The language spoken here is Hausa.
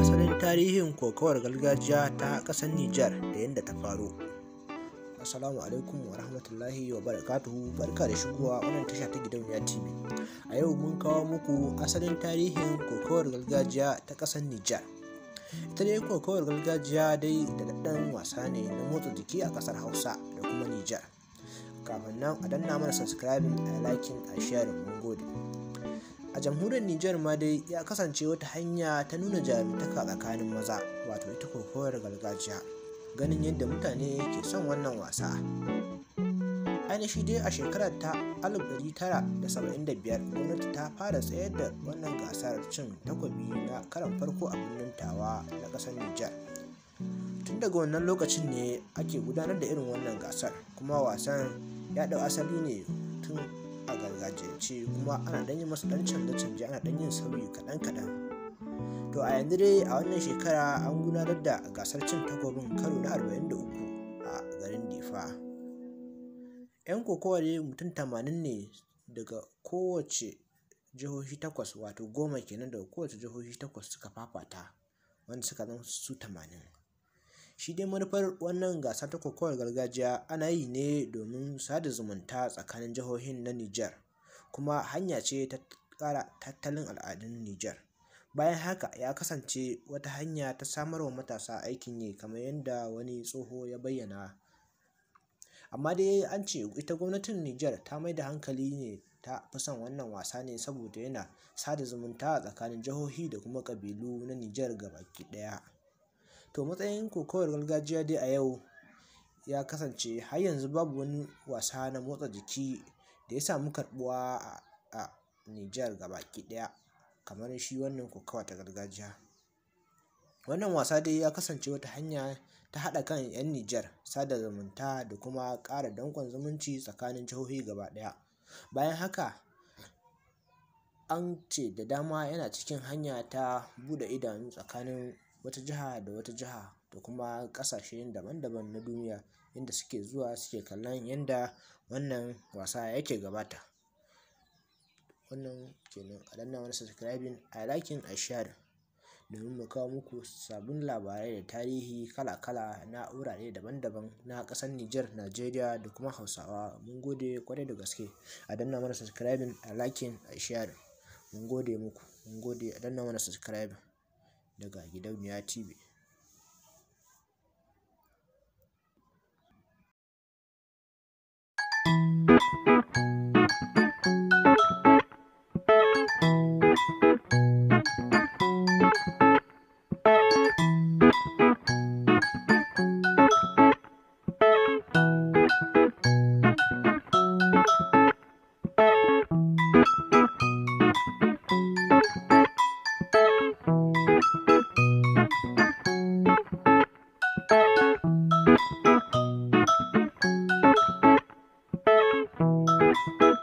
asalin tarihin kokawar gargajiya ta kasar Nijar da yadda ta faru. Assalamu alaikum wa rahmatullahi wa barakatuhu barka da shigowa wannan tasha ta ya TV. A yau mun kawo muku asalin tarihin kokawar gargajiya ta ƙasar Nijar. Ita dai kokawar gargajiya dai da daɗin wasa ne na motsa jiki a ƙasar Hausa da kuma Nijar. Kafin nan a danna mana subscribing a liking a sharing mun gode. a jamhuriyar Nijar ma dai ya kasance wata hanya ta nuna jarumtaka tsakanin maza wato ita kokowar gargajiya ganin yadda mutane ke son wannan wasa ainihi dai a shekarar ta 1975 gwamnati ta fara tsayar da wannan gasar cin takobi na karan farko a birnin tawa na ƙasar Nijar tun daga wannan lokacin ne ake gudanar da irin wannan gasar kuma wasan ya asali ne tun a gargajiyance kuma ana dan yi masa dan canje-canje ana dan yin sauyi kaɗan-kaɗan to a yanzu dai a wannan shekara an gudanar da gasar cin takobin karo na arba'in 43 a garin difa 'yan kokowa dai mutum tamanin ne daga kowace jihohi takwas wato goma kenan daga kowace jihohi takwas suka fafata wanda suka zama su tamanin. Shi dai manufar wannan gasa ta kokowar gargajiya ana yi ne domin sada zumunta tsakanin jihohin na Nijar kuma hanya ce ta kara tattalin al'adun Nijar. Bayan haka ya kasance wata hanya ta samarwa matasa aikin yi kamar yadda wani tsoho ya bayyana. Amma dai an ce ita gwamnatin Nijar ta mai da hankali ne ta fi son wannan wasa ne saboda yana sada zumunta tsakanin jihohi da kuma ƙabilu na Nijar gabaki ɗaya. To matsayin kokawar gargajiya dai a yau ya kasance har yanzu babu wani wasa na motsa jiki da ya samu karbuwa a, Nijar gabaki daya, kamar shi wannan kokawa ta gargajiya. Wannan wasa dai ya kasance wata hanya ta haɗa kan 'yan Nijar, sada zumunta da kuma ƙara dankon zumunci tsakanin jihohi gaba ɗaya. Bayan haka an ce da dama yana cikin hanya ta buɗe idanu tsakanin wata jiha da wata jiha da kuma kasashe daban-daban na duniya inda suke zuwa suke kallon yadda wannan wasa yake gabata. Wannan kenan a danna wani subscribing, a liking, a sharing domin mu kawo muku sabbin labarai da tarihi kala-kala na wurare daban-daban na ƙasar Nijar, Najeriya da kuma Hausawa. Mun gode kwarai da gaske. A danna mana subscribing, a liking, a Mun gode muku, mun gode a danna mana subscribing. daga Gidauniya TV. thank you thank you